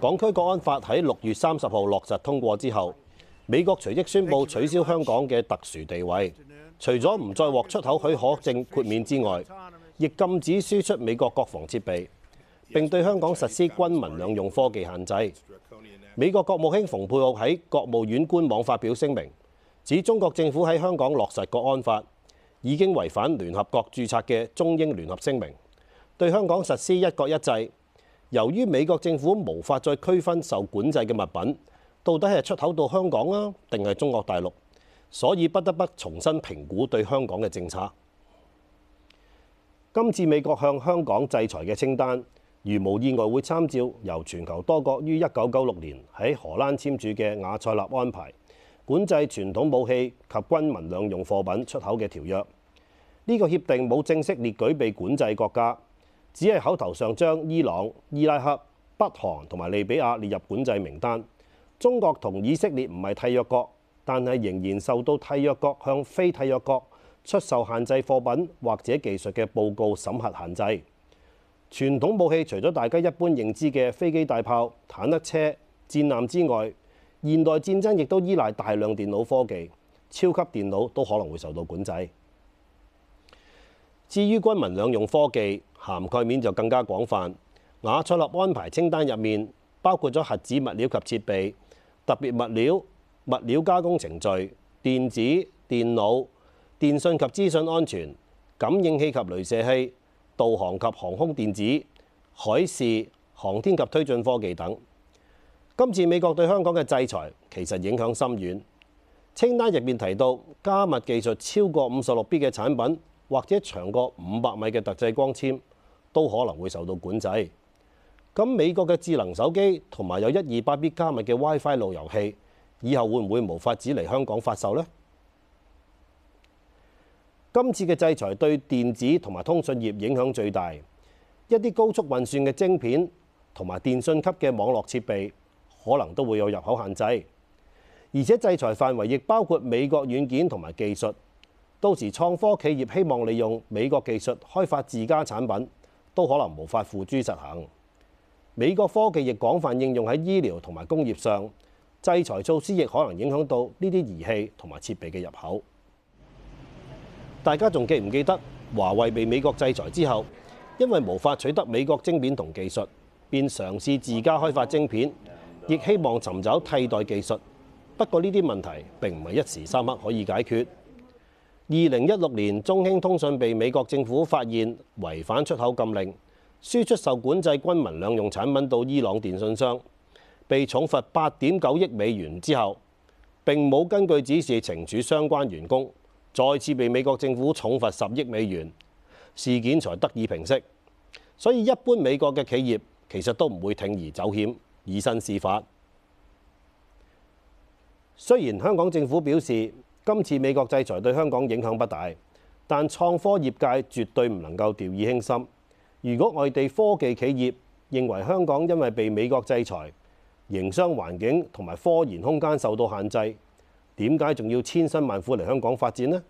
港區國安法喺六月三十號落實通過之後，美國隨即宣布取消香港嘅特殊地位，除咗唔再獲出口許可證豁免之外，亦禁止輸出美國國防設備，並對香港實施軍民兩用科技限制。美國國務卿蓬佩奧喺國務院官網發表聲明，指中國政府喺香港落實國安法已經違反聯合國註冊嘅中英聯合聲明，對香港實施一國一制。由於美國政府無法再區分受管制嘅物品到底係出口到香港啊定係中國大陸，所以不得不重新評估對香港嘅政策。今次美國向香港制裁嘅清單，如無意外會參照由全球多國於一九九六年喺荷蘭簽署嘅《瓦塞納安排》，管制傳統武器及軍民兩用貨品出口嘅條約。呢個協定冇正式列舉被管制國家。只係口頭上將伊朗、伊拉克、北韓同埋利比亞列入管制名單。中國同以色列唔係締約國，但係仍然受到締約國向非締約國出售限制貨品或者技術嘅報告審核限制。傳統武器除咗大家一般認知嘅飛機、大炮、坦克車、戰艦之外，現代戰爭亦都依賴大量電腦科技，超級電腦都可能會受到管制。至於軍民兩用科技，涵蓋面就更加廣泛。雅塞納安排清單入面包括咗核子物料及設備、特別物料、物料加工程序、電子電腦、電訊及資訊安全、感應器及雷射器、導航及航空電子、海事、航天及推進科技等。今次美國對香港嘅制裁其實影響深遠。清單入面提到加密技術超過五十六 b 嘅產品，或者長過五百米嘅特製光纖。都可能會受到管制。咁美國嘅智能手機同埋有一二八 B 加密嘅 WiFi 路由器，以後會唔會無法只嚟香港發售呢？今次嘅制裁對電子同埋通訊業影響最大，一啲高速運算嘅晶片同埋電信級嘅網絡設備可能都會有入口限制，而且制裁範圍亦包括美國軟件同埋技術。到時創科企業希望利用美國技術開發自家產品。都可能無法付諸實行。美國科技亦廣泛應用喺醫療同埋工業上，制裁措施亦可能影響到呢啲儀器同埋設備嘅入口。大家仲記唔記得華為被美國制裁之後，因為無法取得美國晶片同技術，便嘗試自家開發晶片，亦希望尋找替代技術。不過呢啲問題並唔係一時三刻可以解決。二零一六年，中興通訊被美國政府發現違反出口禁令，輸出受管制軍民兩用產品到伊朗電信商，被重罰八點九億美元之後，並冇根據指示懲處相關員工，再次被美國政府重罰十億美元，事件才得以平息。所以一般美國嘅企業其實都唔會鋌而走險，以身試法。雖然香港政府表示。今次美國制裁對香港影響不大，但創科業界絕對唔能夠掉以輕心。如果外地科技企業認為香港因為被美國制裁，營商環境同埋科研空間受到限制，點解仲要千辛萬苦嚟香港發展呢？